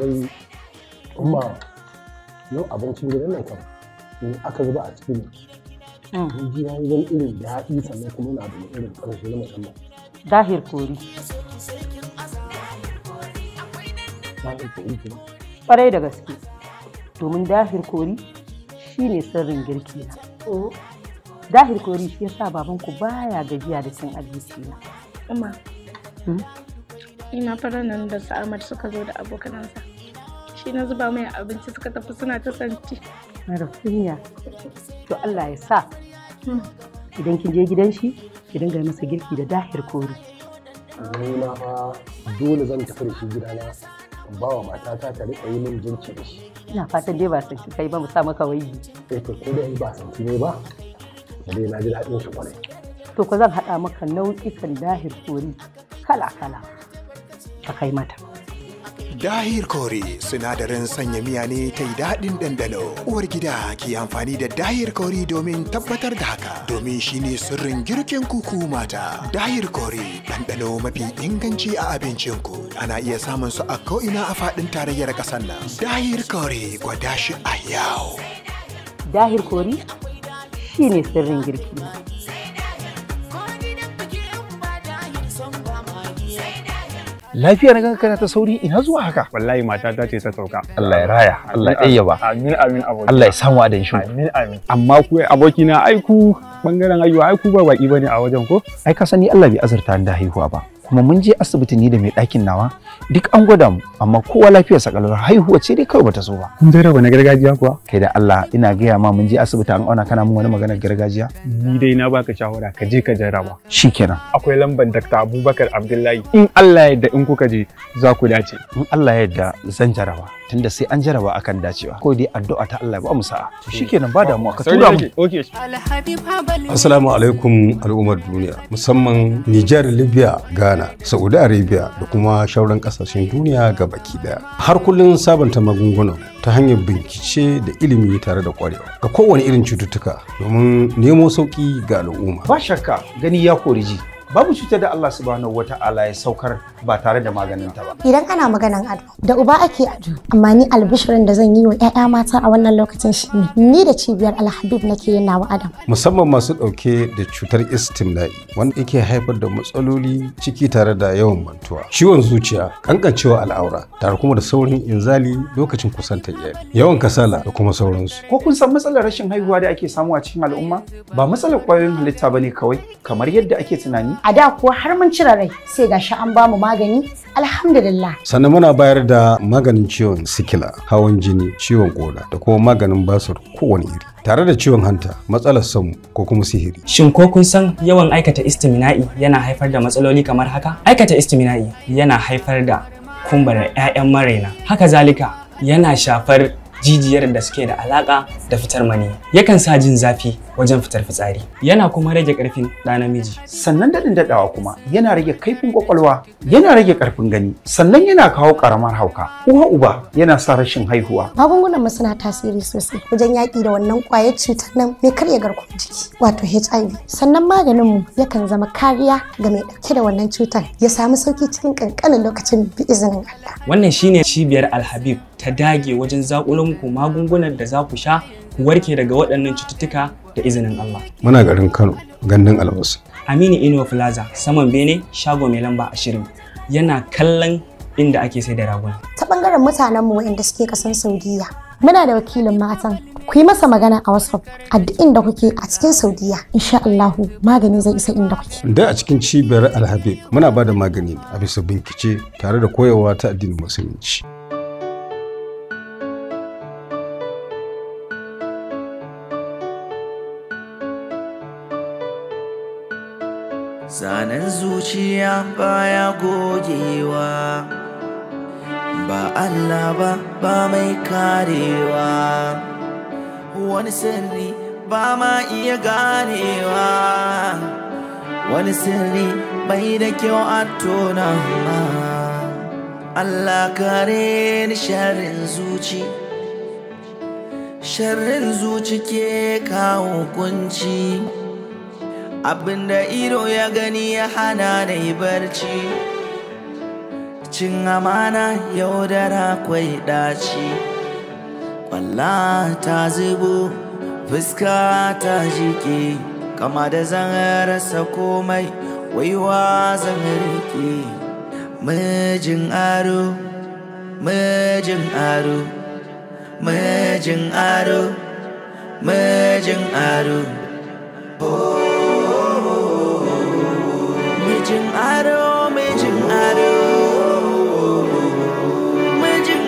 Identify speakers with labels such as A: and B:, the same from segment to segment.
A: wai kuma
B: yau abincin gidan nan kan in aka zuba a cikin
C: mm.
D: ji ya yi wani irin daɗi sannan kuma yana da irin ƙarfi na musamman
E: dahir kori
F: dahir kori ƙwarai da gaske domin dahir kori shi ne sirrin girki na
C: oh. dahir kori shi sa babanku baya gajiya da cin abinci na hmm?
G: ina fara nan da sa'amar suka zo da abokanansa shi na zuba mai
C: abinci suka tafi suna ta santi kunya to Allah ya sa hmm.
E: idan kin je gidan shi ki dinga masa girki da dahir kori
C: nuna
D: fa dole zan tafi da shi gidana ba wa matata ta riƙa yi min jinci da shi
E: ina fatan dai ba san ki kai ba mu sa maka wayi eh to ko dai ba san
D: ki ne ba
B: dai na ji daɗin shi kwarai
E: to ko zan haɗa maka nau'ikan dahir kori kala kala ka kai mata
H: Dahir Kori sinadarin sanya miya ne ta yi daɗin ɗanɗano. Uwar gida ke amfani da Dahir Kori domin tabbatar da haka, domin shi ne sirrin girkin kuku mata. Dahir Kori ɗanɗano mafi inganci a abincinku. Ana iya samun su a ko'ina a faɗin tarayyar ƙasar nan. Dahir Kori gwada shi a yau.
E: Dahir Kori shi ne sirrin girki.
H: lafiya na ganka kana ta sauri ina zuwa haka wallahi mata ta ce ta sauka Allah ya raya Allah ya ayyaba amin amin aboki Allah ya samu adan shi amin amin amma ku eh, aboki na aiku bangaren ayyuwa aiku ba baki bane a wajen ko ai ka sani Allah bai azurta da haihuwa ba kuma mun je asibiti ni da mai ɗakin nawa duk an gwada mu amma kowa lafiyar sa haihuwa ce dai kawai bata so ba kun dai na gargajiya kuwa kai da Allah ina gaya ma mun je asibiti an auna kana mun wani maganar gargajiya ni dai na baka shawara ka je ka jaraba. shikenan akwai lambar Dr. Abubakar Abdullahi in Allah ya yarda in kuka je za ku dace in Allah ya yarda zan jaraba. tunda sai an jaraba akan dacewa ko dai addu'a ta Allah ba mu sa'a to mm. shikenan ba
I: damuwa ka tura
C: mu assalamu
I: alaikum al'ummar duniya musamman Niger Libya Ghana Saudi Arabia da kuma shauran kasashen duniya ga baki daya har kullun sabanta magungunan
H: ta hanyar bincike da ilimi tare da kwarewa ga kowane irin cututtuka domin nemo sauki ga al'umma ba shakka gani ya koriji babu cutar da Allah subhanahu wata'ala ya saukar ba tare da maganin ta ba
J: idan ana maganan ado da uba ake ado amma ni albishirin da zan yi wa ƴaƴa mata a wannan lokacin shi ne, ni da cibiyar alhabib nake yin nawa adam
I: musamman masu ɗauke da cutar istimla'i wanda yake haifar da matsaloli ciki tare da yawan mantuwa ciwon zuciya kankancewa al'aura tare kuma da saurin inzali lokacin kusanta iyali yawan kasala da kuma sauransu
H: ko kun san matsalar rashin haihuwa da ake samu a cikin al'umma ba matsalar ƙwayoyin halitta ne kawai kamar yadda ake tunani a da ko har mun cire rai sai gashi an
J: bamu magani alhamdulillah
I: sannan muna bayar da maganin ciwon sikila hawan jini ciwon koda da kuma maganin basur kowane iri tare da ciwon hanta matsalar samu ko kuma sihiri
K: shin ko kun san yawan aikata istimina'i yana haifar da matsaloli kamar haka aikata istimina'i yana haifar da kumbara 'ya'yan maraina haka zalika yana shafar jijiyar da suke da alaƙa da fitar mani yakan sa jin zafi wajen fitar fitsari yana kuma rage ƙarfin ɗa namiji sannan daɗin daɗawa kuma yana rage kaifin ƙwaƙwalwa
H: yana rage ƙarfin gani sannan yana kawo ƙaramar hauka uwa uba yana sa rashin haihuwa
J: magungunan mu suna tasiri sosai wajen yaƙi da wannan ƙwayar cutar nan mai karya garkuwar jiki wato HIV sannan maganin mu yakan zama kariya ga mai ɗauke da wannan cutar ya samu sauki cikin ƙanƙanin lokacin bi izinin Allah
K: wannan shine cibiyar Alhabib ta dage wajen zaƙulanku muku magungunan da za ku sha ku warke daga waɗannan cututtuka da izinin Allah.
I: Muna garin Kano, gandun Alhamis.
K: Aminu Inuwa Plaza, saman Bene, shago mai lamba ashirin. Yana kallon inda ake sai da raguna.
J: Ta ɓangaren mutanen mu waɗanda suke kasan Saudiya, muna da wakilin matan. Ku yi masa magana a WhatsApp a duk inda kuke a cikin Saudiya, insha Allahu magani zai isa inda kuke.
I: Da a cikin cibiyar Alhabib muna ba da magani a bisa bincike tare da koyarwa ta addinin Musulunci.
L: zanen zuciya baya gogewa ba Allah ba ba mai karewa wani sirri ba ma iya ganewa wani sirri bai da kyau a tona ma Allah kare ni sharrin zuci sharrin zuci ke kawo kunci abinda ido ya gani ya hana da barci cin amana yaudara kwai daci kwalla ta zubo fuska ta jike kama da zan rasa komai waiwa zan rike mijin aro mijin aro mijin aro mijin aro oh. Mijin aro, mijin aro, mijin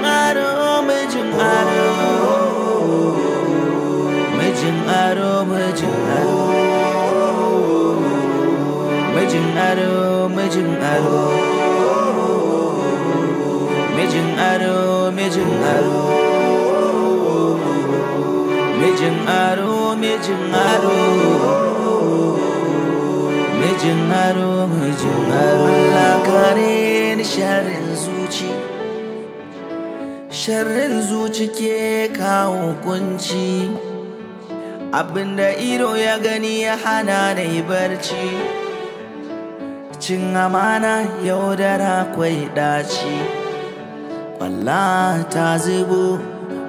L: aro. mijin aro aro Allah kare ni sharrin zuci sharrin zuci ke kawo kunci abinda iro ya gani ya hana da barci cin amana yaudara kwai daci kwalla ta zubo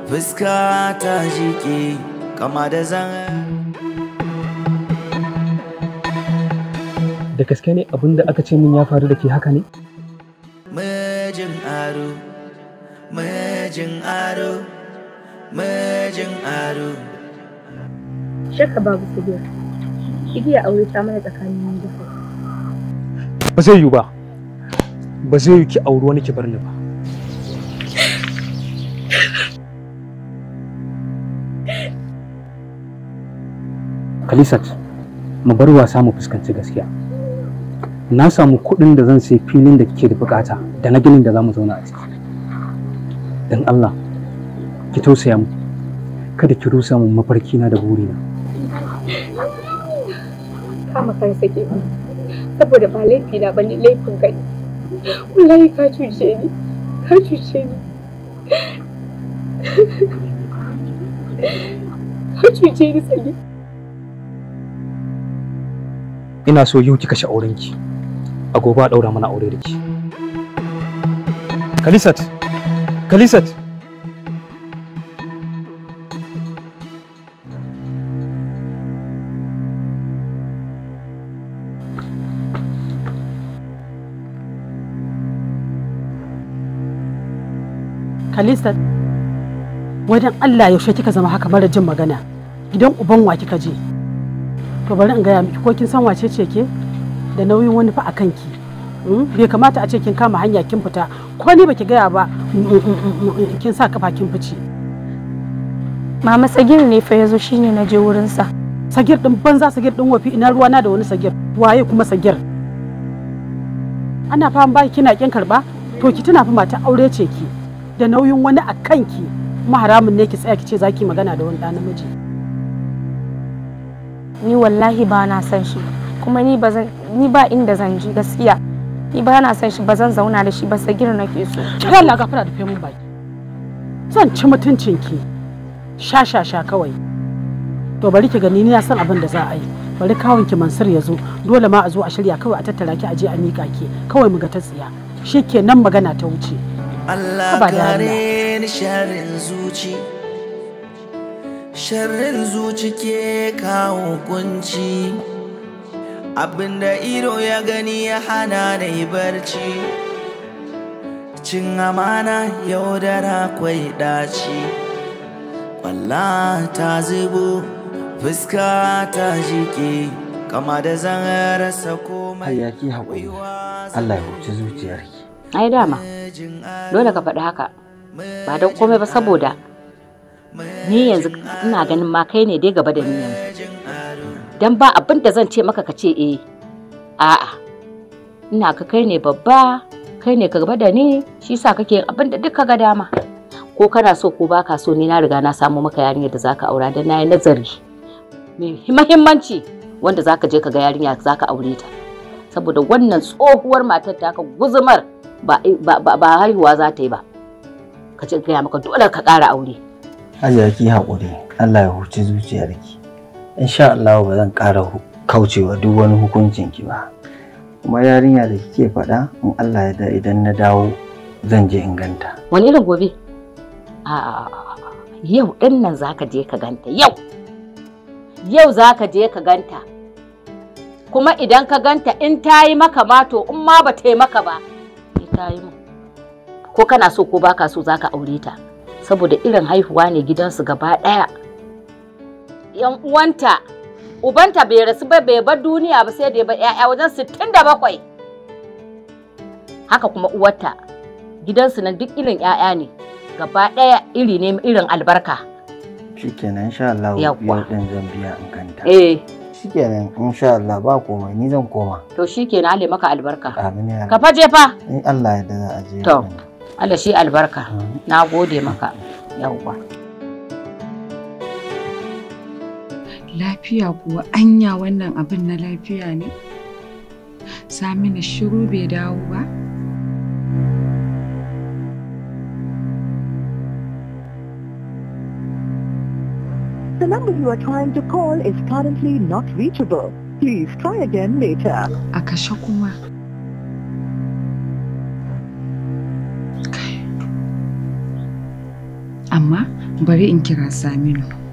L: fuska ta jike kama da zan
B: da gaske ne abin da aka ce min ya faru da ke haka ne?
L: Mijin aro, mijin aro,
G: mijin aro. Shakka babu sigiyar, igiya aure ta mana tsakanin da
K: Ba zai yiwu ba, ba zai yi ki auri wani ki bar ni ba.
B: Kalisat, mu bar wasa mu fuskanci gaskiya. na samu kuɗin da zan sai filin da kike da bukata da na ginin da za mu zauna a ciki don Allah ki tausaya mu kada ki rusa mu mafarki na da burina
G: kama kan sake saboda ba laifi na bane laifin kai wallahi ka cuce ni ka cuce ni ka cuce ni sake
K: ina so yau kika sha aurenki ki a gobe a daura mana aure da ki Kalisat Kalisat
G: wajen Allah yaushe kika zama haka mara jin magana idan uban wa kika je to bari in gaya miki ko kin san wace ce ke da nauyin wani fa a kanki hmm? bai kamata a ce kin kama hanya kin fita ko ni baki gaya ba mm, mm, mm, kin sa kafa kin fice mama sagir ne fa yazo shine na je wurin sa sagir din banza sagir din wafi ina ruwa na da wani sagir waye kuma sagir ana fa ba kina kin karba to ki tuna fa mata aure ce ki da nauyin wani a kanki kuma haramun ne ki tsaya ki ce zaki magana da wani dan namiji ni wallahi ba na san shi kuma ni ba ni ba inda zan je gaskiya ni ba na san shi ba zan zauna da shi ba sai sagir nake so kai Allah gafara da mun baki zan ci mutuncin ki sha sha sha kawai to bari ki gani ni na san abin da za a yi bari kawun ki Mansur ya zo dole ma a zo a shirya kawai a tattara ki a je a mika ki kawai mu ga ta tsiya shikenan magana ta wuce
L: Allah kare ni sharrin zuci sharrin zuci ke kawo kunci abinda ido ya gani ya hana da barci cin amana yaudara kwai daci kwalla ta zubo fuska ta jike kama da zan rasa komai ya ki Allah ya huci zuciyarki
E: ai dama dole ka faɗi haka ba don komai ba saboda ni yanzu ina ganin ma kai ne dai gaba da ni yanzu don ba abin da zan ce maka ka ce eh a'a ina ka kai ne babba kai ne ka gaba da ni shi sa kake yin abin da duka ga dama ko kana so ko baka so ni na riga na samu maka yarinya da zaka aura dan nayi nazari mai muhimmanci wanda zaka je ka ga yarinya zaka aure ta saboda wannan tsohuwar matar ta ka guzumar ba ba haihuwa za ta yi ba ka ce gaya maka dole ka ƙara aure
D: Hajiya ki Allah ya huce zuciyarki insha Allah ba zan ƙara kaucewa duk wani hukuncin ki ba kuma yarinya da kike faɗa in Allah ya da idan na dawo zan je in ganta
E: wani irin gobe a yau din nan zaka je ka ganta yau yau zaka je ka ganta kuma idan ka ganta in ta yi maka ma to in ma ba ta yi maka ba ta yi ko kana so ko baka so zaka aure ta saboda irin haihuwa ne gidansu gaba ɗaya yan uwanta ubanta bai rasu ba bai bar duniya ba sai da ba ƴaƴa wajen 67 haka kuma uwarta gidansu nan duk irin ƴaƴa ne gaba ɗaya iri ne irin albarka
M: shikenan insha Allah yau din zan biya in kanta eh shikenan insha Allah ba komai ni zan koma
E: to shikenan Allah maka albarka
M: amin ka faje fa in
E: Allah ya da za a je to Allah shi albarka na gode maka yauwa
A: Lafiya kuwa anya wannan abin na lafiya ne? Saminu shiru bai dawo ba? The number you are trying to call is currently not reachable. Please try again later. A kashe kuma. Amma bari in kira Saminu.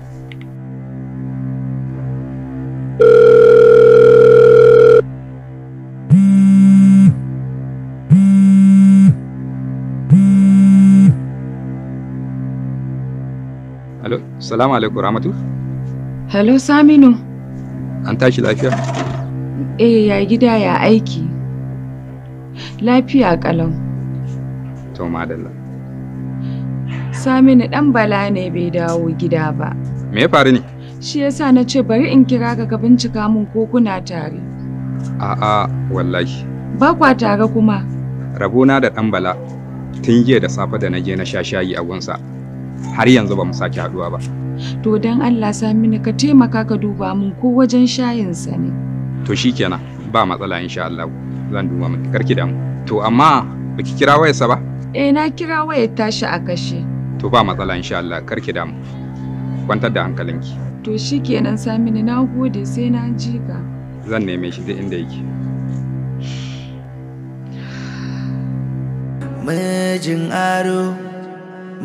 I: Salamu alaikum Ramatu.
A: Hello Saminu.
I: An tashi lafiya?
A: Eh ya gida ya aiki. Lafiya kalau. To madalla. Saminu dan bala ne bai dawo gida ba. Me ya faru ne? Shi yasa na ce bari in kira ka ka bincika mun ko kuna tare.
I: A'a wallahi.
A: Ba kwa tare kuma.
I: Rabona da dan bala tun jiya da safe da na je na sha shayi a gunsa. har yanzu ba mu sake haduwa ba
A: to dan Allah mini ka taimaka ka duba mun ko wajen shayin sa
I: ne to shikenan ba matsala insha Allah zan duba miki karki mu. to amma baki kira wayarsa ba
A: eh na kira wayar tashi a kashe
I: to ba matsala insha Allah karki mu kwantar da hankalinki
A: to shikenan samini na gode sai na ji ka
I: zan neme shi duk inda yake
L: Majin aro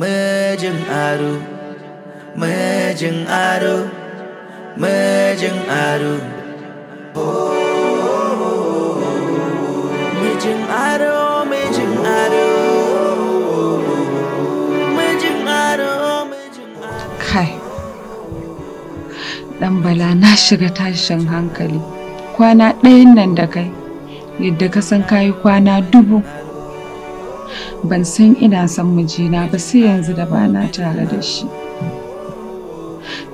L: mijin aro mijin aro mijin aro mijin aro mijin aro mijin aro
A: aro kai dan bala na shiga tashin hankali kwana ɗayan nan da kai yadda ka san kayi kwana dubu ban san ina son mijina ba sai yanzu da ba na tare da shi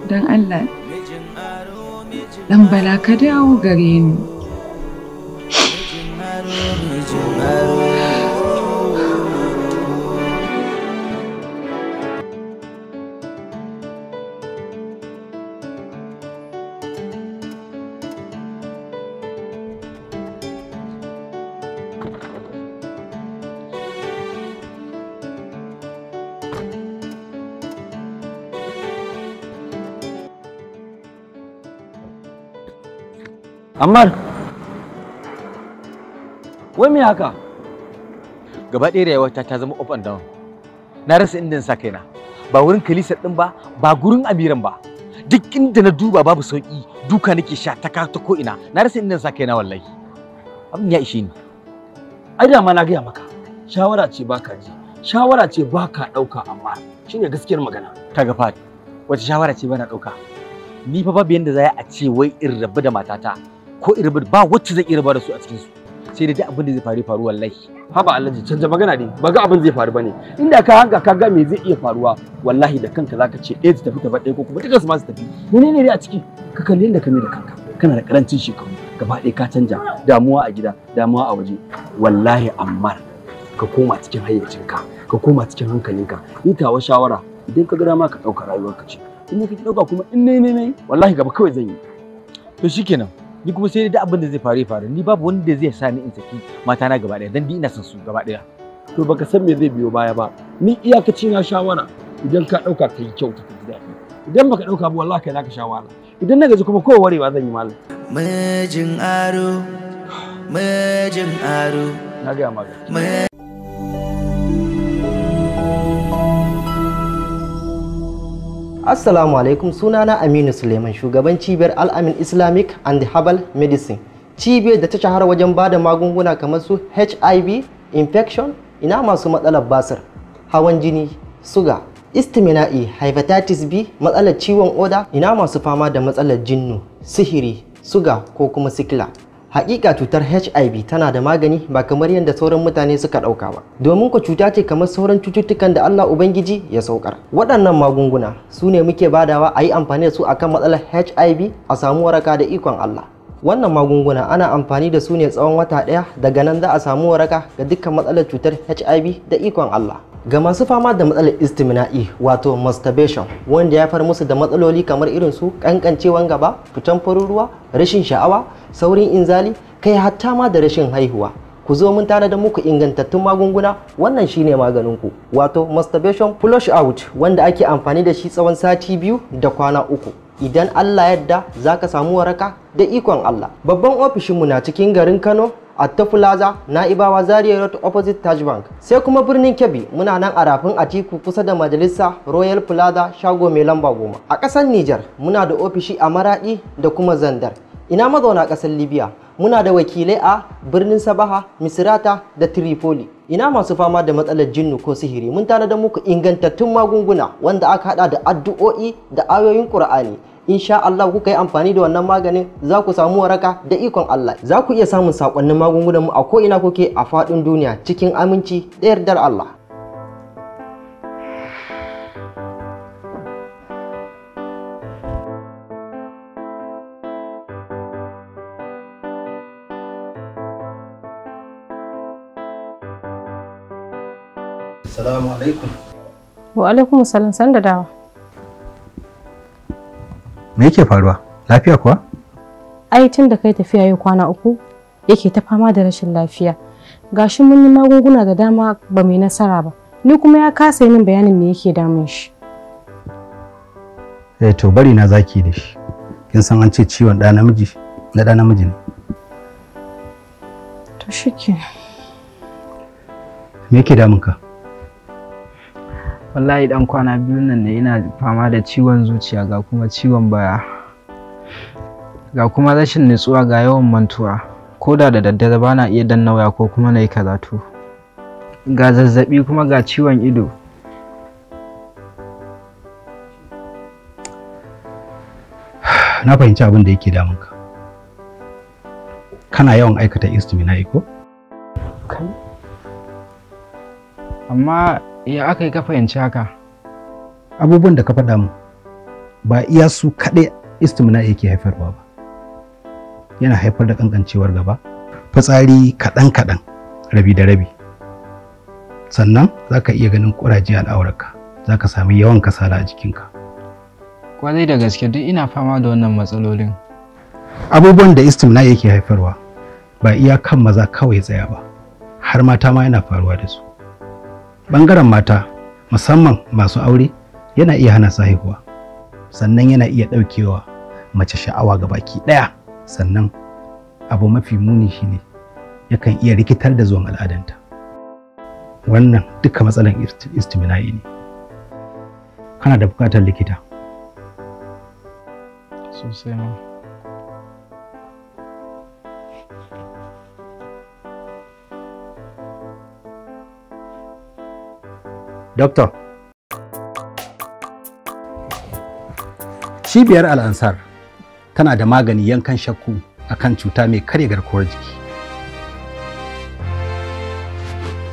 A: don allah dan bala ka dawo gare ni
D: Ammar, wai me haka? Gaba ɗaya da rayuwata ta zama up and down. Na rasa inda sa kaina. Ba wurin kalisar ɗin ba, ba gurin abiran ba. Duk inda na duba babu sauƙi, duka nake sha ta ta ko ina. Na rasa inda sa kaina wallahi. Abin ya ishe ni. Ai da ma na gaya maka, shawara ce baka ji, shawara ce baka ɗauka amma shine gaskiyar magana. Ta ga fa, wace shawara ce bana ɗauka? Ni fa babu yanda za a ce wai in rabu da matata. ko irba ba wacce zai irba da su a cikin su sai dai abin da zai faru faru wallahi haba Allah canja magana ne ba ga abin zai faru bane inda ka hanga ka ga me zai iya faruwa wallahi da kanka zaka ce ɗaya eh, su tafi ta ɗaya ko kuma duka su ma su tafi menene ne a ciki ka kalli inda ka da kanka kana da karancin shekaru gaba ɗaya ka canja damuwa a gida damuwa a waje wallahi amma ka koma cikin hayyacinka ka koma cikin hankalinka ni tawa shawara idan ka ga dama ka ɗauka rayuwarka ce in ka ɗauka kuma in ne ne wallahi gaba kawai zan yi to shikenan ni kuma sai da abin da zai faru faru ni babu wanda zai sa ni in saki mata na gaba daya dan ina son su gaba daya to baka san me zai biyo baya ba ni iyakaci na shawara idan ka dauka kai kyau ta ji daɗi idan baka dauka ba wallahi kai zaka shawara idan na gaji kuma kowa warewa zan yi malam mijin aro mijin aro na ga magana
F: Assalamu alaikum sunana Aminu Suleiman shugaban cibiyar Al'amin Islamic and Herbal Medicine. Cibiyar da ta shahara wajen ba da magunguna kamar su HIV, infection, ina masu matsalar basir, hawan jini, suga, istimina'i, hepatitis B, matsalar ciwon oda, ina masu fama da matsalar jinnu, sihiri, suga ko kuma sikila. Hakika cutar HIV tana da magani ba kamar yadda sauran mutane suka ɗauka ba. Domin ko cuta ce kamar sauran cututtukan da Allah Ubangiji ya saukar. Waɗannan magunguna su ne muke badawa a yi amfani da su akan matsalar HIV a samu waraka da ikon Allah. wannan magunguna ana amfani da su ne tsawon wata ɗaya daga nan za a samu waraka ga dukkan matsalar cutar hiv da ikon allah ga masu fama da matsalar istimina'i wato masturbation wanda ya far musu da matsaloli kamar irin su kankancewan gaba fitan faruruwa rashin sha'awa saurin inzali kai hatta ma da rashin haihuwa ku zo mun tare da muku ingantattun magunguna wannan shine maganin ku, wato masturbation flush out wanda ake amfani da shi tsawon sati biyu da kwana uku idan Allah yadda zaka samu waraka da ikon Allah babban ofishinmu na cikin garin Kano Atta Plaza, Na'ibawa Zaria Road opposite Taj Bank. Sai kuma birnin Kebbi muna nan a rafin Atiku kusa da majalisa Royal Plaza shago mai lamba goma. A ƙasar Nijar muna da ofishi a Maradi da kuma Zandar. Ina mazauna ƙasar Libya muna da wakilai a birnin Sabaha, Misrata da Tripoli. Ina masu fama da matsalar jinnu ko sihiri mun tana da muku ingantattun magunguna wanda aka hada da addu'o'i da ayoyin Qur'ani. insha Allah kuka yi amfani da wannan maganin za ku samu waraka da ikon Allah za ku iya samun sakonnin magungunan mu a ko ina kuke a faɗin duniya cikin aminci da yardar Allah
B: Assalamu alaikum.
G: Wa alaikum salam san da dawa.
B: me yake faruwa lafiya kuwa
G: ai tun da kai tafiya yau kwana uku yake ta fama da rashin lafiya gashi mun yi magunguna da dama ba mai nasara ba ni kuma ya kasa yin bayanin me yake damun shi
B: eh to bari na zaki da shi kin san an ce ciwon da namiji na da namiji ne to shike me yake damun ka
M: wallahi dan kwana biyu nan ne ina fama da ciwon zuciya ga kuma ciwon baya ga kuma rashin nutsuwa ga yawan mantuwa ko da da daddare bana iya danna waya ko kuma na yi karatu ga zazzabi kuma ga ciwon ido
B: na fahimci abin da yake damunka kana yawan aikata istimina iko?
M: amma Ya aka yi ka fahimci haka? Abubuwan da ka faɗa
B: mu ba iya su kaɗai istimna yake haifarwa ba. Yana haifar da ƙanƙancewar gaba, fitsari kaɗan-kaɗan, rabi da rabi. Sannan za ka iya ganin ƙuraje al'aurarka, za ka sami yawan kasala a jikinka.
M: Kwarai da gaske duk ina fama da wannan matsalolin.
B: Abubuwan da istimna yake haifarwa ba iya kan maza kawai tsaya ba, har mata ma yana faruwa da su. Bangaren mata, musamman masu aure, yana iya hana su haihuwa. Sannan yana iya ɗaukewa mace sha'awa ga baki ɗaya. Sannan abu mafi muni shine yakan iya rikitar da zuwan al'adanta. Wannan duka matsalan istimina'i ne. Kana da bukatar
H: likita. Sosai ma.
B: Doktor. Cibiyar Al'ansar tana da magani yankan shakku a
M: kan cuta mai karya
B: garkuwar jiki.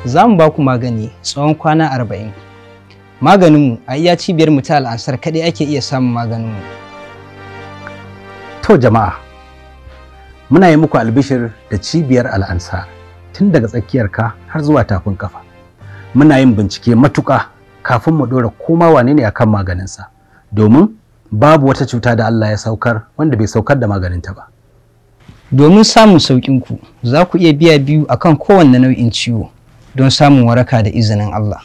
M: Za mu ba ku magani tsawon kwana arba'in. Maganinmu a iya cibiyar mu ta Al'ansar kaɗai ake iya samun maganinmu. To
B: jama'a, muna yi muku albishir da cibiyar Al'ansar tun daga tsakiyar ka har zuwa tafin kafa. muna yin bincike matuƙa kafin mu ɗora koma wane ne akan maganinsa domin babu wata cuta da Allah ya saukar wanda bai saukar da maganin ta ba.
M: Domin samun saukin ku za ku iya biya biyu akan kowanne nau'in ciwo don samun waraka da izinin Allah.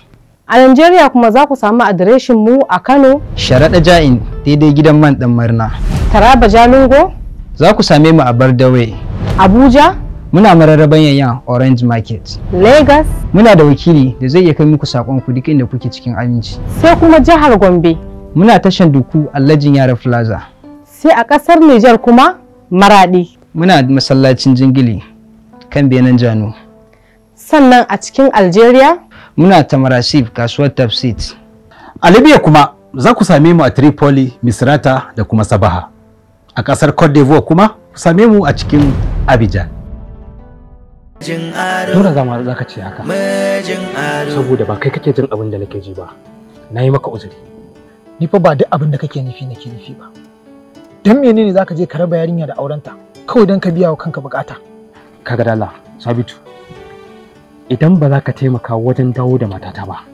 C: A Najeriya kuma za ku samu adireshin mu a Kano.
M: Sharaɗa Ja'in daidai gidan man ɗan Marna. Taraba Jalingo. Za ku same mu a Bardawe. Abuja. Muna mararraban yayyan Orange Market. Lagos. Muna da wakili da zai iya kai muku sakon ku duk inda kuke cikin aminci. Sai kuma jihar Gombe. Muna tashan duku Allajin Yara Plaza. Sai a ƙasar niger kuma Maradi. Muna masallacin Jingili kan Benin Jano. Sannan a cikin Algeria. Muna Tamarasif kasuwar Tafsit. A Libya kuma za ku same
B: mu a Tripoli, Misrata da kuma Sabaha. A ƙasar Cote d'Ivoire kuma ku same mu a cikin Abidjan. Dole zama za ka ce haka. Saboda ba kai kake jin abin da nake ji ba. Na yi maka uzuri. Ni fa ba duk abin da kake nufi nake nufi ba. Dan menene za ka je ka raba yarinya da aurenta? Kawai dan ka biya wa kanka bukata. ga dala, Sabitu. Idan ba za ka taimaka wajen dawo da matata ba,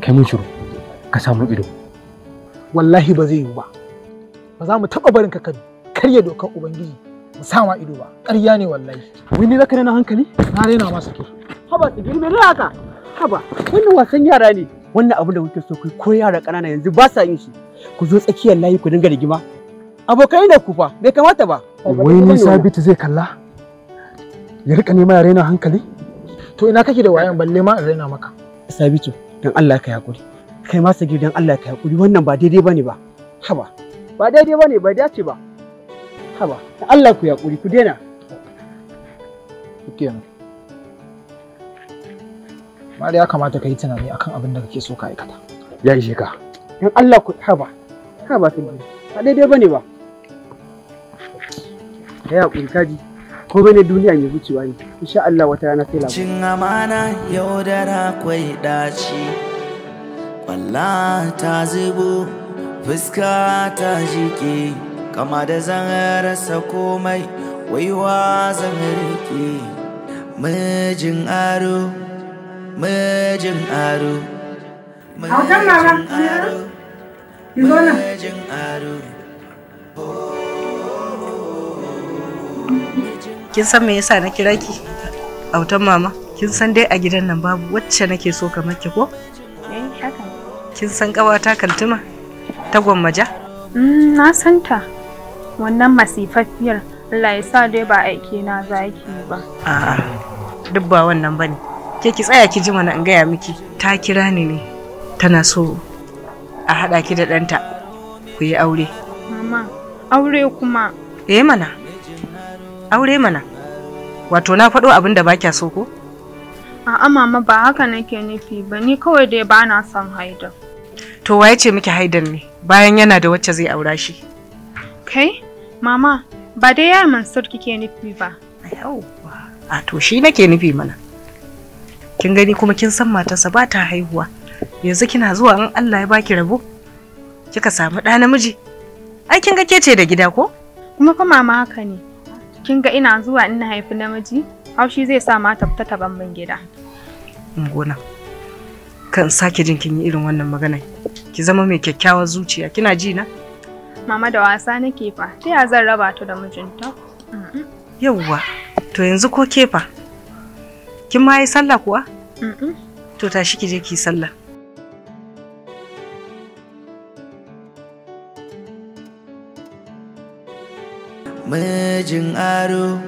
B: kai mun shiru, ka samu ido. Wallahi ba zai yiwu ba. Ba za mu taɓa barin ka karya dokar Ubangiji sa ma ido ba ƙarya ne wallahi
D: wai ni zaka rena hankali na rena masa ke
B: haba girme ne
D: haka haba wannan wasan yara ne wannan abu da kuke so ku ko yara ƙanana yanzu ba sa yin shi ku zo tsakiyar layi ku dinga rigima abokai da ku fa bai kamata ba wai ni sabitu
B: zai kalla ya rika nema ya rena hankali
D: to ina kake da wayan
B: balle ma in maka
D: sabitu dan Allah ka hakuri kai ma sagir dan Allah ka hakuri wannan ba daidai bane ba haba
B: ba daidai bane ba dace ba
D: haba Allah ku yaƙuri ku daina kenan
B: mari ya kamata ka yi tunani akan abin da kake so ka aikata ya yi ka dan Allah ku
D: haba haba ta biyu ba daidai bane ba ya
K: yaƙuri kaji ko bane duniya mai wucewa ne insha Allah wata rana sai labari cin
D: amana
L: yaudara kwai daci kwalla ta zubo fuska ta jike kama da zangar rasa komai waiwa zan ke mijin aro mijin aro mijin aro
C: kin san me yasa na kira ki autan mama kin san dai a gidan nan babu wacce nake so kamar ki ko eh, kin san kawata kantuma ta gwammaja
G: mm, na san ta wannan masifaffiyar Allah ya sa dai ba aike na ki ba
C: a'a duk ba wannan bane ke ki tsaya ki ji mana in gaya miki ta kira ni ne tana so a haɗa ki da ɗanta ku yi aure mama aure kuma eh mana aure mana wato na faɗo abin da ba kya so ko
G: a'a mama ba haka nake nufi ba ni kawai dai ba na son haidan.
C: to waye ce miki haidan ne bayan yana da wacce zai aura shi
G: kai Mama, ba dai ya Mansur kike nufi ba. Yauwa,
C: a to shi nake nufi mana. Kin gani kuma kin san matarsa ba ta haihuwa. Yanzu kina zuwa in Allah ya baki rabo. Kika samu ɗa namiji. Ai kin ga ke ce da gida ko? Kuma fa mama haka ne.
G: Kin ga ina zuwa in na haifi namiji, haushi zai sa ma fita ta min gida.
C: Ngona. Kan sake jin kin yi irin wannan magana. Ki zama mai kyakkyawar zuciya. Kina ji na?
G: Mama da wasa nake fa, ta ya zan raba ta da mijinta?
C: Yawwa, to yanzu ko kefa? Kin ma yi sallah kuwa? To tashi ki je ki sallah.
L: Mijin aro,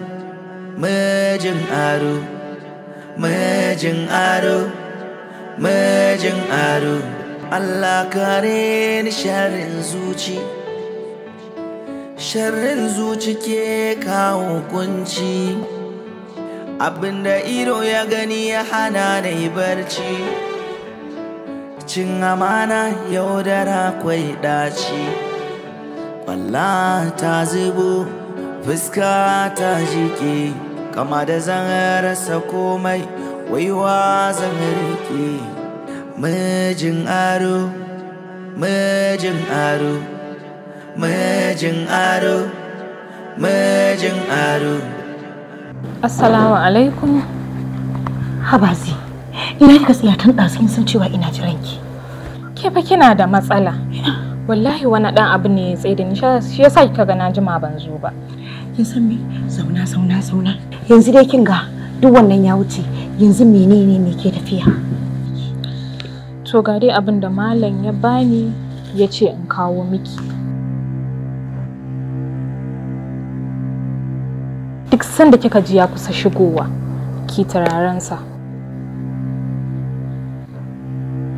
L: mijin aro, mijin aro, mijin aro, Allah kare ni sharin zuci. sharrin zuci ke kawo kunci abinda ido ya gani ya hana da barci cin amana yaudara kwai daci kwalla ta zubo fuska ta jike kama da zan rasa komai waiwa zan rike mijin aro mijin aro mijin aro mijin aro
G: assalamu alaikum Habazi, ina kika tsaya tun ɗazu san cewa ina jiran ki ke fa kina da matsala wallahi wani dan abu ne ya tsaye da ni shi yasa kika ga na jima ban zo ba kin san me zauna zauna zauna
J: yanzu dai kin ga duk wannan ya wuce yanzu menene me ke tafiya
G: to ga dai abin da malam ya bani ya ce in kawo miki duk sanda kika ji ya kusa shigowa ki turarensa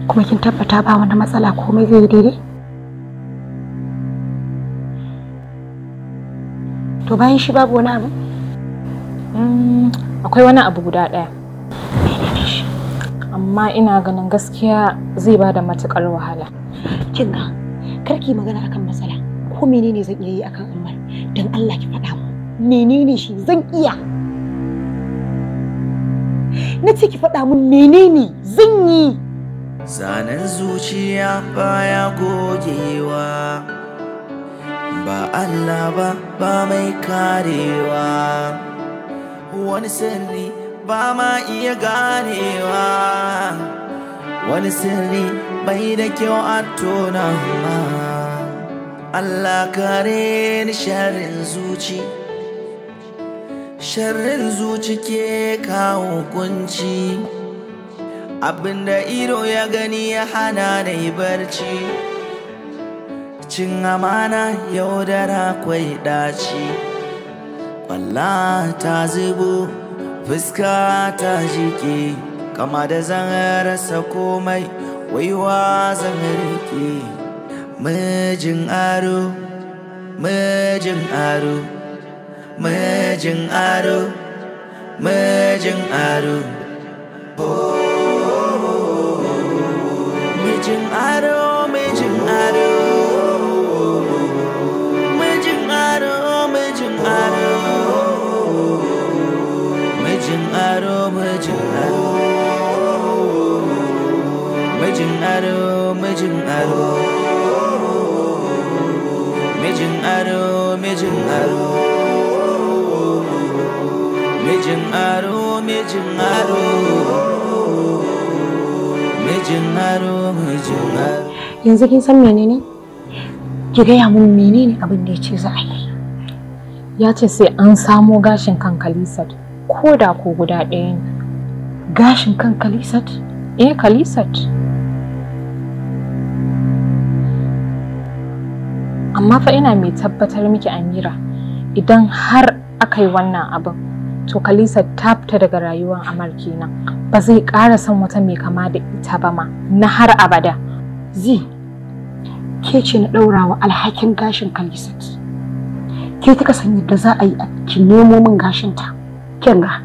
G: kuma kin tabbata ba wani matsala komai zai yi daidai to bayan shi babu wani abu mm, akwai wani abu guda ɗaya amma ina ganin gaskiya zai ba da matuƙar wahala kinga karki magana akan matsala ko menene zan iya yi akan umar don allah ki faɗa menene
J: shi zan iya na ce ki faɗa mun menene zan yi
L: zanen zuciya baya gogewa ba Allah ba ba mai karewa wani sirri ba ma iya ganewa wani sirri bai da kyau a tona Allah kare ni sharin zuci sharrin zuci ke kawo kunci abinda ido ya gani ya hana da barci cin amana yaudara kwai daci kwalla ta zubo fuska ta jike kama da zan rasa komai waiwa zan rike mijin aro mijin aro Mejeng aru Mejeng aru Oh, oh, Mejeng aru Mejeng aru Mejeng aru Mejeng aru Mejeng aru Mejeng aru Mejeng aru Mejeng aru aro aro
G: yanzu kin san menene ki gaya mun menene abin da ya za a yi ya ce sai an samo gashin kan kalisat ko da ko guda ɗaya ne gashin kan kalisat eh kalisat amma fa ina mai tabbatar miki amira idan har aka yi wannan abin to Kalisa ta fita daga rayuwar Amar kenan ba zai ƙara son wata mai kama da ita ba ma na har abada zi ke ce na wa alhakin gashin Kalisa ki? ke kika san yadda za a yi a ki
J: nemo min gashin ta kin ga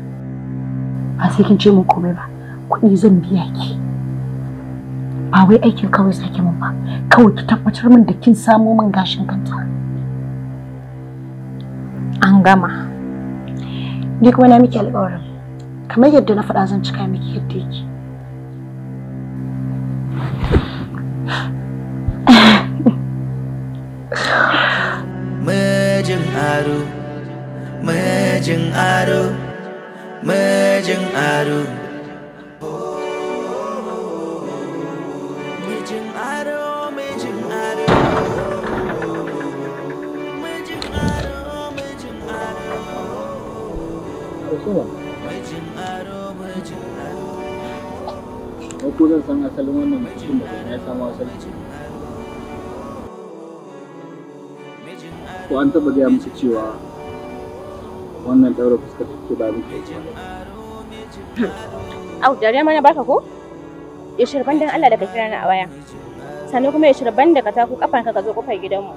J: ba sai kin ce min komai ba kuɗi zan biya ki ba wai aikin kawai sake min ba kawai ki tabbatar min da kin samo min gashin kanta an gama Ni kuma na miki alƙawarin. Kamar yadda na faɗa zan cika miki yadda yake.
L: Mijin aro, mijin aro, mijin aro.
M: to ko zan san asalin wannan mutum da ya samu asali ko an taba gaya musu cewa wannan daura fuskar da ke ba mu
G: au dariya mana baka ko ya shirban dan Allah da ka kira ni a waya sannan kuma ya shirban da ka taku kafan ka
E: zo kofar gidanmu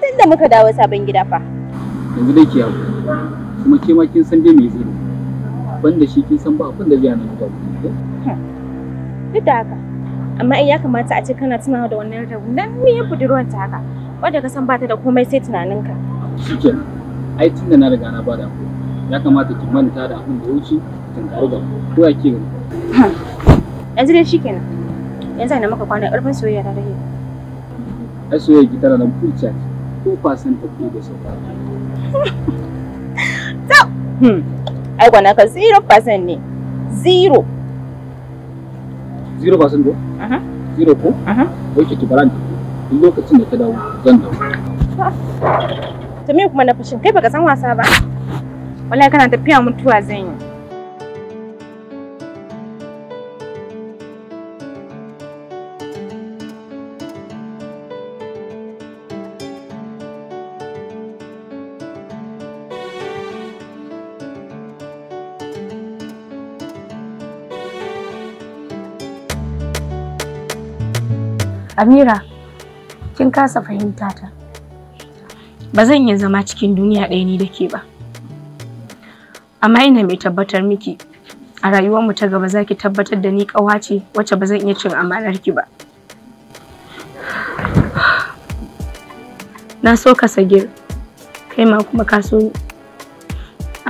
E: tun muka dawo sabon gida fa
M: yanzu dai ki
K: kuma ke ma kin san dai me zai ban da shi kin san ba abin da zai hana ba?
E: Eh?
G: duk da haka amma in ya kamata a ce kana tunawa da wannan rabu nan me ya budurwar ta haka wanda ka san bata da komai sai tunaninka
K: shikenan ai tun da na riga na bada ku ya kamata ki manta da abin da ya wuce tun karu da ko ya ke gani
G: yanzu dai shikenan yanzu ina maka kwana ƙarfin soyayya ta rage
K: ai soyayya
M: ki tana da ce ko fasan tafi da sauran ai
G: gwana ka 0% ne 0
K: 0% ko? aha 0 ko? aha wai ki baran in lokacin da ta dawo zan dawo
G: to me kuma na fushin kai baka san wasa ba wallahi kana tafiya mutuwa zan yi Amira, kin kasa fahimta ta. Ba zan iya zama cikin duniya ɗaya ni da ke ba.
C: Amma ina mai tabbatar miki a rayuwar mu ta gaba za ki tabbatar da ni ƙawa ce wacce ba zan iya cin amanar ki ba. Na so ka sagir, kai ma kuma ka so ni.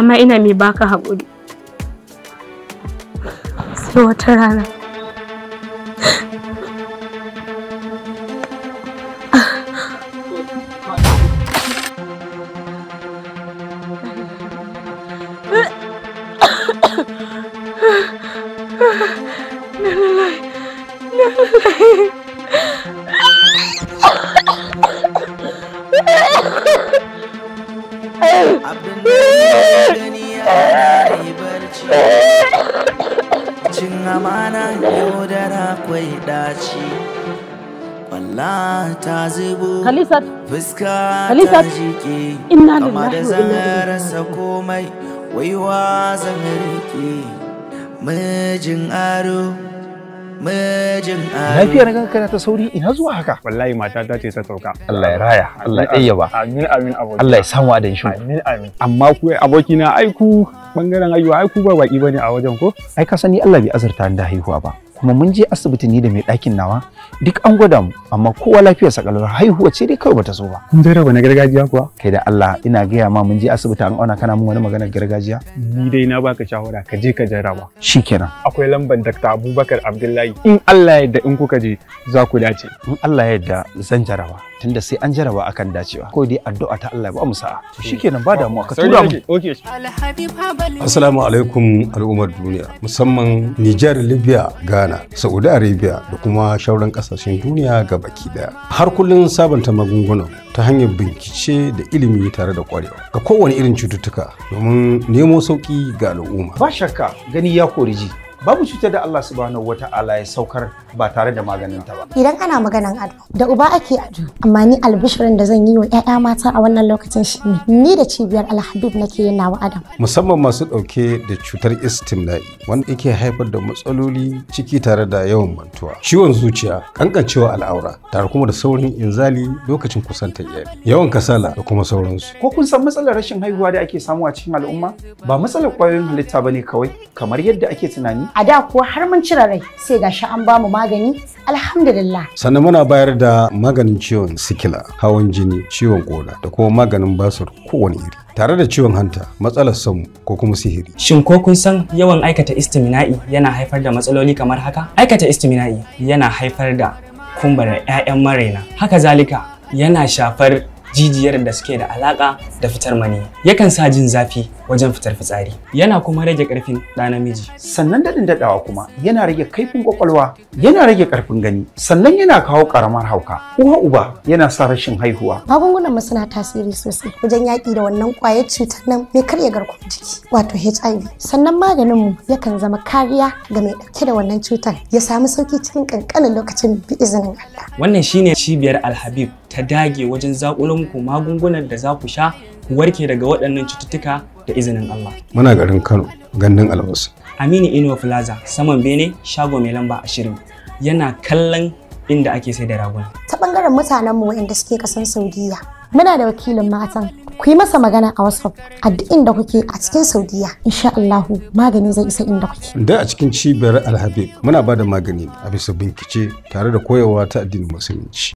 C: Amma ina mai baka haƙuri. Sai wata rana. abin
L: ya yi barci cin amana yaudara kwai daci Walla ta zubo fuska ta jike kama da zan rasa komai waiwa zan rike mijin aro
H: mijin lafiya na kana ta sauri ina zuwa haka wallahi ta ce ta sauka Allah ya raya Allah ya yaba amin amin aboki Allah ya samu adan shi amin amin amma ku aboki na aiku bangaren ayyuka aiku ba baki bane a wajen ko ai ka sani Allah bai azurta da haihuwa ba kuma mun je asibiti ni da mai ɗakin nawa duk an gwada mu amma kowa lafiyar kalwar haihuwa ce dai kawai bata so ba kun dai na gargajiya kuwa kai da Allah ina gaya ma mun je asibiti an auna kana mun wani maganar gargajiya ni dai na baka shawara ka je ka jarraba shikenan akwai lambar Dr. Abubakar Abdullahi in Allah ya yarda in kuka je za ku dace in Allah ya yarda zan jarraba tunda sai an jaraba akan dacewa ko dai addu'a ta Allah ba mu sa'a hmm. shikenan ba damuwa ka tura
C: mu assalamu
H: alaikum al'ummar duniya musamman Niger Libya
I: Ghana Saudi Arabia da kuma shauran kasashen duniya ga baki daya har kullun sabanta magungunan ta hanyar bincike da ilimi tare da kwarewa ga kowane irin cututtuka
H: domin nemo sauki ga al'umma ba shakka gani ya koriji babu cutar da Allah subhanahu ta'ala ya saukar ba tare da maganin ta ba.
J: Idan ana maganan ado, da uba ake ado, amma ni albishirin da zan yi wa 'ya'ya mata a wannan lokacin shi ne, ni da cibiyar alhabib nake yin nawa adam.
I: Musamman masu ɗauke da cutar istimla'i, wanda yake haifar da matsaloli ciki tare da yawan mantuwa, ciwon zuciya, kankancewa al'aura, tare kuma da saurin inzali lokacin kusantar iyali, yawan kasala da kuma sauransu.
H: Ko kun san matsalar rashin haihuwa da ake samu a cikin al'umma? Ba matsalar ƙwayoyin halitta ba ne kawai, kamar yadda ake tunani a da kuwa har mun cire rai
J: sai gashi an bamu magani alhamdulillah
I: sannan muna bayar da maganin ciwon sikila hawan jini ciwon koda da kuma maganin basur kowane iri tare da ciwon hanta matsalar samu ko kuma sihiri
K: shin ko kun san yawan aikata istimina'i yana haifar da matsaloli kamar haka aikata istimina'i yana haifar da kumbarar 'ya'yan maraina haka zalika yana shafar jijiyar da suke da alaƙa da fitar mani yakan sa jin zafi wajen fitar fitsari yana kuma rage ƙarfin ɗa namiji sannan daɗin daɗawa kuma yana rage kaifin
H: ƙwaƙwalwa yana rage ƙarfin gani sannan yana kawo ƙaramar hauka uwa uba yana sa rashin haihuwa
J: magungunan suna tasiri sosai wajen yaƙi da wannan ƙwayar cutar nan mai karya garkuwar jiki wato HIV sannan maganin mu yakan zama kariya ga mai ɗauke da wannan cutar ya samu sauki cikin ƙanƙanin lokacin bi izinin Allah
K: wannan shine cibiyar Alhabib ta dage wajen zaƙulanku muku magungunan da za ku sha ku warke daga waɗannan cututtuka da izinin Allah.
I: Muna garin Kano, gandun Albasu.
K: Aminu Inuwa Plaza, saman Bene, shago mai lamba ashirin. Yana kallon inda ake sai da raguna.
J: Ta ɓangaren mutanen mu waɗanda suke kasan Saudiya, muna da wakilin matan. Ku yi masa magana a WhatsApp a duk inda kuke a cikin Saudiya, insha Allahu magani zai isa inda kuke.
I: Da a cikin cibiyar Alhabib muna ba da magani a bisa bincike tare da koyarwa ta addinin Musulunci.